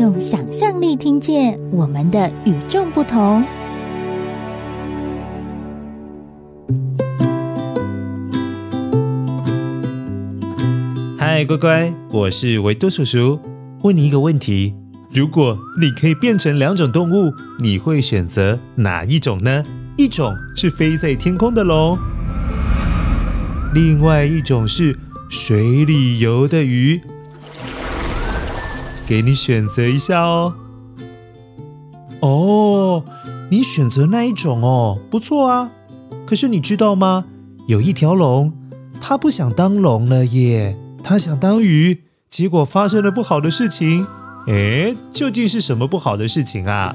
用想象力聽見我們的與眾不同。嗨，乖乖，我是維多叔叔，問你一個問題：如果你可以變成兩種動物，你會選擇哪一種呢？一種是飛在天空的龍，另外一種是水裡游的魚。給你選擇一下哦，哦，你選擇那一種哦，不錯啊。可是你知道嗎？有一條龍，它不想當龍了耶，它想當魚。結果發生了不好的事情。誒，究竟是什麼不好的事情啊？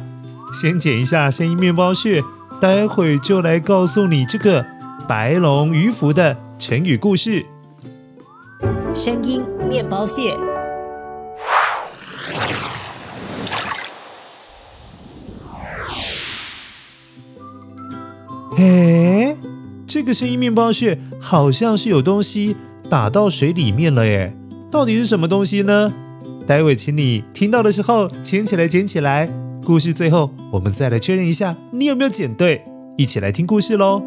先剪一下聲音麵包屑，待會就來告訴你這個“白龍魚服”的成語故事。聲音麵包屑。哎，這個聲音面包屑好像是有東西打到水裡面了耶。到底是什麼東西呢？待會請你聽到的時候撿起來撿起來。故事最後，我們再來確認一下你有沒有撿對，一起來聽故事嘍。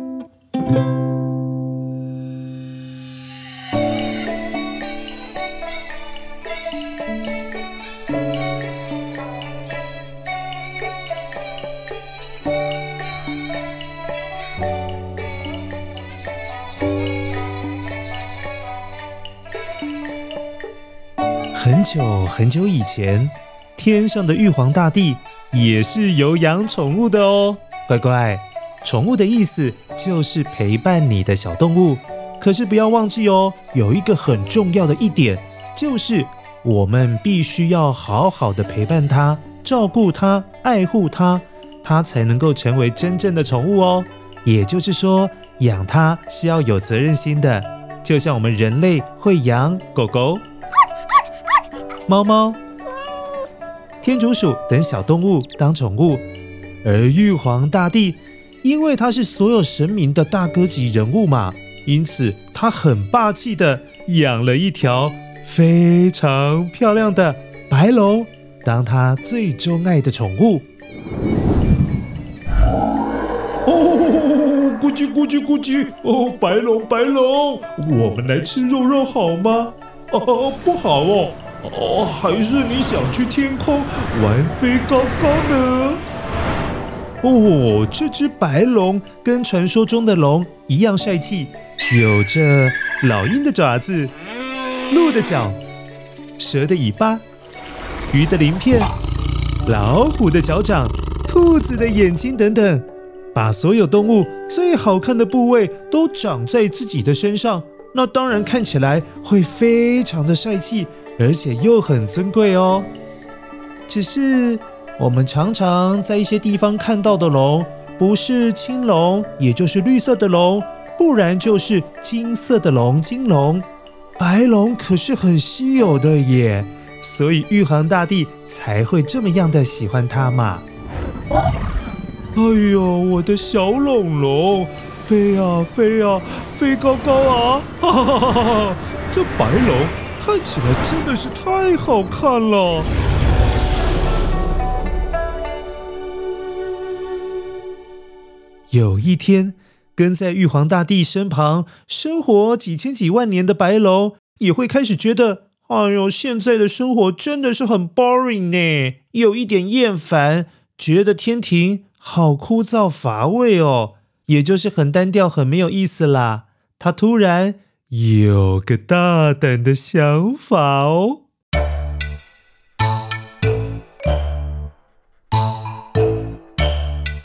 久很久以前，天上的玉皇大帝也是有養寵物的哦。乖乖，寵物的意思就是陪伴你的小動物。可是不要忘記哦，有一個很重要的一點，就是我們必須要好好的陪伴它、照顧它、愛護它，它才能夠成為真正的寵物哦。也就是說，養它是要有責任心的，就像我們人類會養狗狗。貓貓、天竺鼠等小動物當寵物，而玉皇大帝因為他是所有神明的大哥級人物嘛，因此他很霸氣的養了一條非常漂亮的白龍，當他最鍾愛的寵物。哦，咕嘰咕嘰咕嘰！哦，白龍白龍，我們來吃肉肉好嗎？哦，不好哦。哦，還是你想去天空玩飛高高呢？哦，這隻白龍跟傳說中的龍一樣帥氣，有着老鷹的爪子、鹿的角、蛇的尾巴、魚的鱗片、老虎的腳掌、兔子的眼睛等等，把所有動物最好看的部位都長在自己的身上，那當然看起來會非常的帥氣。而且又很尊貴哦。只是我們常常在一些地方看到的龍，不是青龍，也就是綠色的龍，不然就是金色的龍，金龍、白龍可是很稀有的耶，所以玉皇大帝才會這麼樣的喜歡它嘛。哎呦，我的小龍龍，飛呀、啊、飛呀、啊，飛高高啊！哈哈哈哈哈哈，這白龍。看起來真的是太好看了。有一天，跟在玉皇大帝身旁生活幾千幾萬年的白龍，也會開始覺得，哎呦，現在的生活真的是很 boring 呢，有一點厭煩，覺得天庭好枯燥乏味哦，也就是很單調、很沒有意思啦。他突然。有個大膽的想法哦！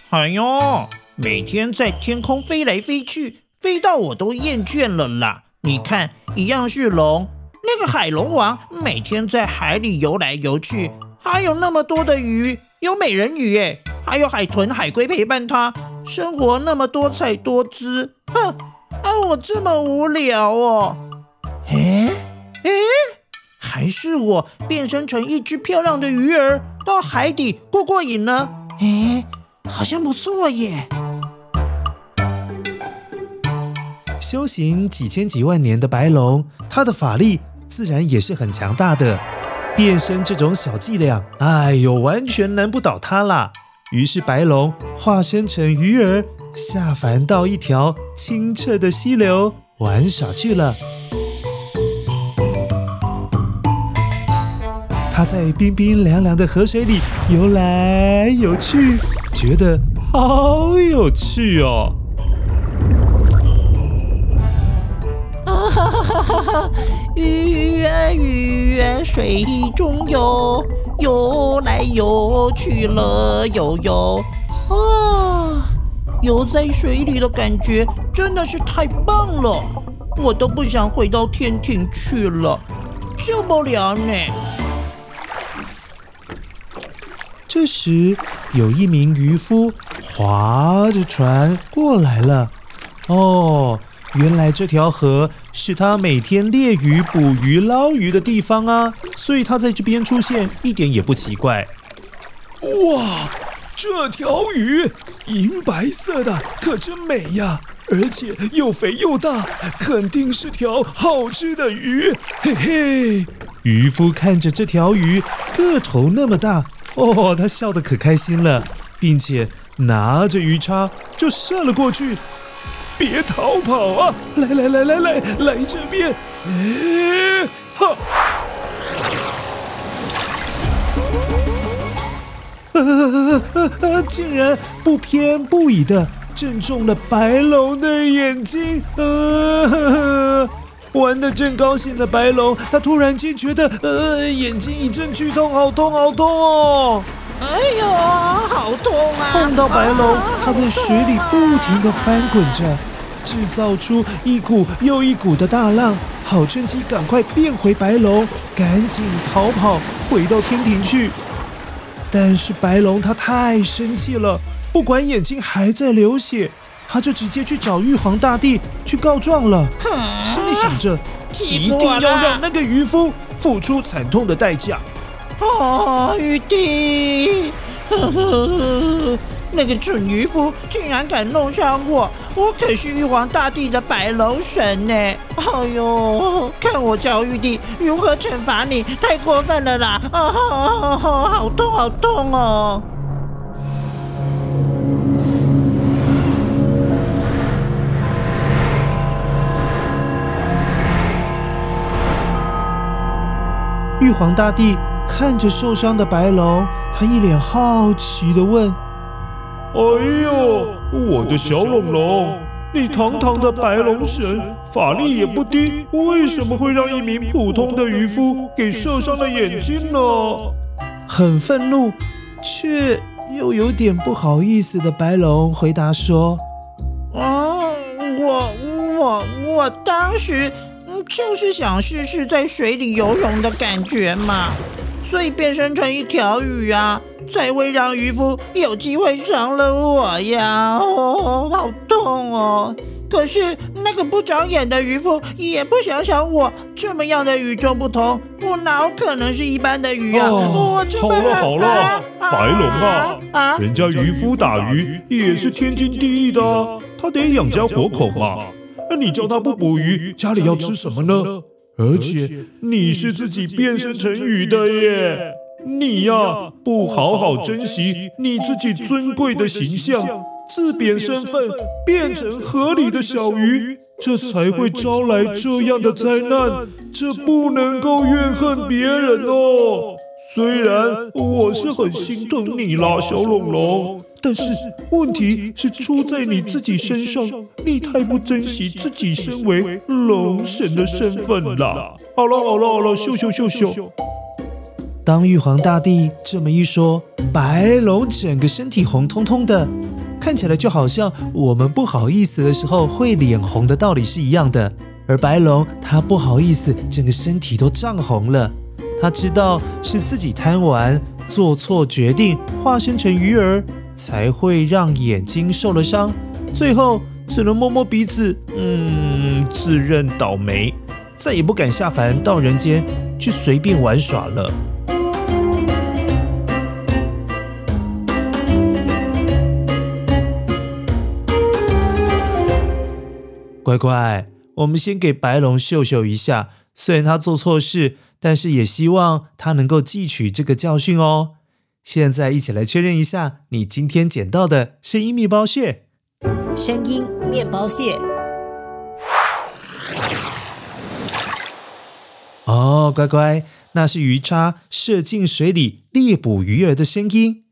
哎呦，每天在天空飛來飛去，飛到我都厭倦了啦。你看，一樣是龍，那個海龍王每天在海裡游來游去，還有那麼多的魚，有美人魚誒，還有海豚、海龜陪伴他，生活那麼多彩多姿，哼。我這麼無聊哦！哎哎，還是我變身成一隻漂亮的魚兒到海底過過癮呢？哎，好像不錯耶！修行幾千幾萬年的白龍，他的法力自然也是很強大的。變身這種小伎倆，哎呦，完全難不倒他啦。於是白龍化身成魚兒。下凡到一條清澈的溪流玩耍去了。它在冰冰涼涼的河水裡游來游去，覺得好有趣哦！啊哈哈哈哈哈！魚兒魚兒水中游，游來游去樂悠悠。哦。啊遊在水裡的感覺真的是太棒了，我都不想回到天庭去了，這麼涼呢。這時，有一名漁夫划着船過來了。哦，原來這條河是他每天獵魚、捕魚、撈魚的地方啊，所以他在這邊出現一點也不奇怪。哇！這條魚銀白色的，可真美呀！而且又肥又大，肯定是條好吃的魚。嘿嘿，漁夫看着這條魚個頭那麼大，哦，他笑得可開心了，並且拿着魚叉就射了過去。別逃跑啊！來來來來來來這邊！哎，哈！呃，竟然不偏不倚的正中了白龍的眼睛。呃，玩得正高興的白龍，他突然間覺得，呃，眼睛一陣劇痛，好痛好痛哦！哎呦，好痛啊！碰到白龍，他在水裡不停地翻滾着，啊、製造出一股又一股的大浪。好，趁機趕快變回白龍，趕緊逃跑，回到天庭去。但是白龍他太生氣了，不管眼睛還在流血，他就直接去找玉皇大帝去告狀了，心裡、啊、想着一定要讓那個漁夫付出慘痛的代價。啊，玉帝！呵呵呵那個蠢漁夫竟然敢弄傷我！我可是玉皇大帝的白龍神呢！哎呦，看我教玉帝如何懲罰你！太過分了啦！啊、哦、哈、哦哦，好痛，好痛哦！玉皇大帝看着受傷的白龍，他一臉好奇的問。哎呦，我的小龍龍，你堂堂的白龍神，法力也不低，為什麼會讓一名普通的漁夫給射傷了眼睛呢？龍龍堂堂呢。很憤怒卻又有點不好意思的白龍回答說：“啊，我我我當時就是想試試在水裡游泳的感覺嘛。”所以變身成一條魚啊，才會讓漁夫有機會傷了我呀！哦，好痛哦！可是那個不長眼的漁夫也不想想我這麼樣的與眾不同，我哪可能是一般的魚啊！哦、啊，這麼好了，好了啊、白龍啊，啊人家漁夫打魚也是天經地義的，他得養家糊口嘛。那你叫他不捕魚，家裡要吃什麼呢？而且你是自己變身成魚的耶，你呀、啊、不好好珍惜你自己尊貴的形象，自貶身份變成河裡的小魚，這才會招來這樣的災難，這不能夠怨恨別人哦。雖然我是很心疼你啦，小龍龍，但是問題是出在你自己身上，你太不珍惜自己身為龍神的身份了。好了好了好了，羞羞羞羞！當玉皇大帝這麼一說，白龍整個身體紅彤彤的，看起來就好像我們不好意思的時候會臉紅的道理是一樣的。而白龍他不好意思，整個身體都漲紅了。他知道是自己貪玩做錯決定，化身成魚兒才會讓眼睛受了傷，最後只能摸摸鼻子，嗯，自認倒霉，再也不敢下凡到人間去隨便玩耍了。乖乖，我們先給白龍秀秀一下。雖然他做錯事，但是也希望他能夠汲取這個教訓哦。現在一起來確認一下，你今天撿到的聲音麵包屑聲音面包屑。聲音面包屑。哦，乖乖，那是魚叉射進水裡獵捕魚兒的聲音。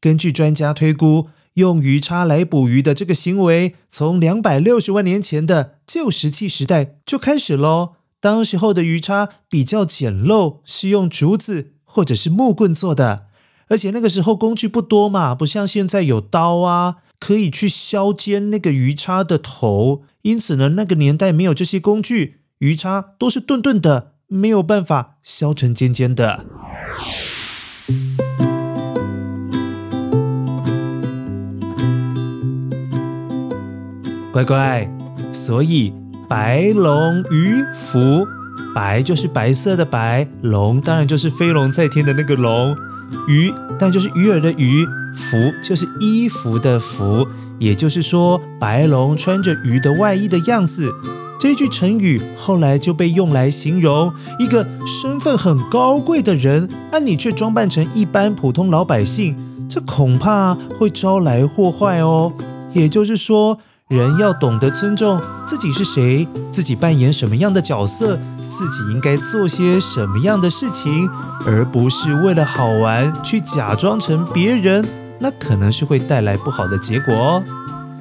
根據專家推估，用魚叉來捕魚的這個行為，從兩百六十萬年前的舊石器時代就開始嘍。當時候的魚叉比較簡陋，是用竹子或者是木棍做的，而且那個時候工具不多嘛，不像現在有刀啊，可以去削尖那個魚叉的頭。因此呢，那個年代沒有這些工具，魚叉都是鈍鈍的，沒有辦法削成尖尖的。乖乖，所以。白龍魚服，白就是白色的白，龍當然就是飛龍在天的那個龍，魚但就是魚兒的魚，服就是衣服的服。也就是說，白龍穿着魚的外衣的樣子，這句成語後來就被用來形容一個身份很高貴的人，按理卻裝扮成一般普通老百姓，這恐怕會招來禍患哦。也就是說。人要懂得尊重自己是誰，自己扮演什麼樣的角色，自己應該做些什麼樣的事情，而不是為了好玩去假裝成別人，那可能是會帶來不好的結果哦。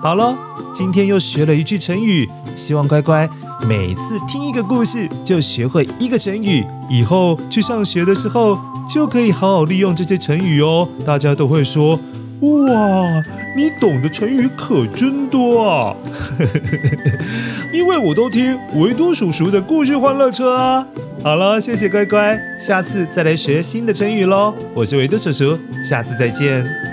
好了，今天又學了一句成語，希望乖乖每次聽一個故事就學會一個成語，以後去上學的時候就可以好好利用這些成語哦。大家都會說，哇！你懂的成語可真多啊！ 因為我都聽維多叔叔的故事歡樂車啊。好了，謝謝乖乖，下次再來學新的成語嘍。我是維多叔叔，下次再見。